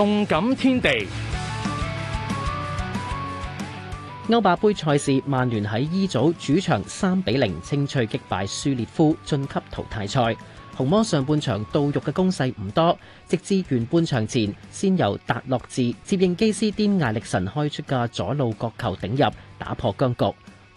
動感天地。歐霸杯賽事，曼聯喺 E 組主場三比零清脆擊敗舒列夫，晉級淘汰賽。紅魔上半場到肉嘅攻勢唔多，直至完半場前，先由達洛治接應基斯顛艾力神開出嘅左路角球頂入，打破僵局。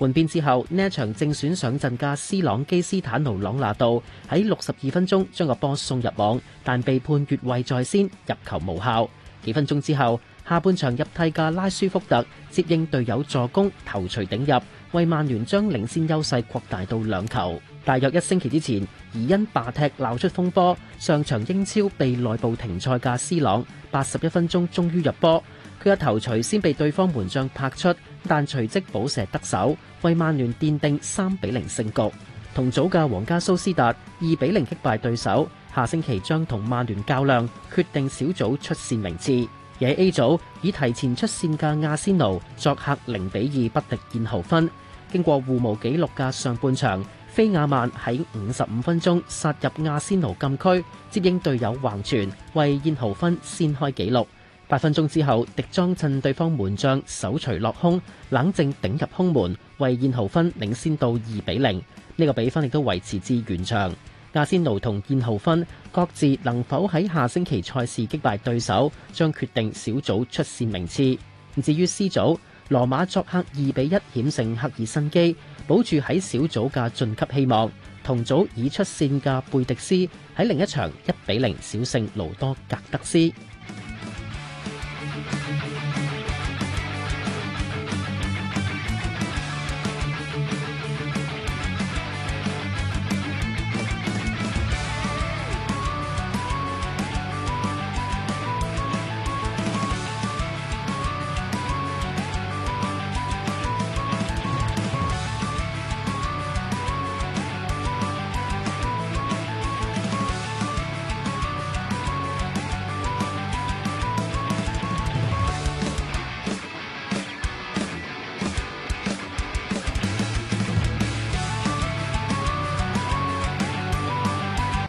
換邊之後，呢場正選上陣嘅斯朗基斯坦奴朗拿度喺六十二分鐘將個波送入網，但被判越位在先，入球無效。幾分鐘之後，下半場入替嘅拉舒福特接應隊友助攻，頭錘頂入，為曼聯將領先優勢擴大到兩球。大約一星期之前，疑因霸踢鬧出風波，上場英超被內部停賽嘅斯朗八十一分鐘終於入波。佢嘅頭槌先被對方門將拍出，但隨即補射得手，為曼聯奠定三比零勝局。同組嘅皇家蘇斯達二比零擊敗對手，下星期將同曼聯較量，決定小組出線名次。而喺 A 組已提前出線嘅阿仙奴作客零比二不敵燕豪芬，經過互無紀錄嘅上半場，菲亞曼喺五十五分鐘殺入阿仙奴禁區，接應隊友橫傳，為燕豪芬先開紀錄。八分鐘之後，迪莊趁對方門將手錘落空，冷靜頂入空門，為燕豪芬領先到二比零。呢個比分亦都維持至完場。阿仙奴同燕豪芬各自能否喺下星期賽事擊敗對手，將決定小組出線名次。至於 C 組，羅馬作客二比一險勝克爾辛基，保住喺小組嘅晉級希望。同組已出線嘅貝迪斯喺另一場一比零小勝盧多格德斯。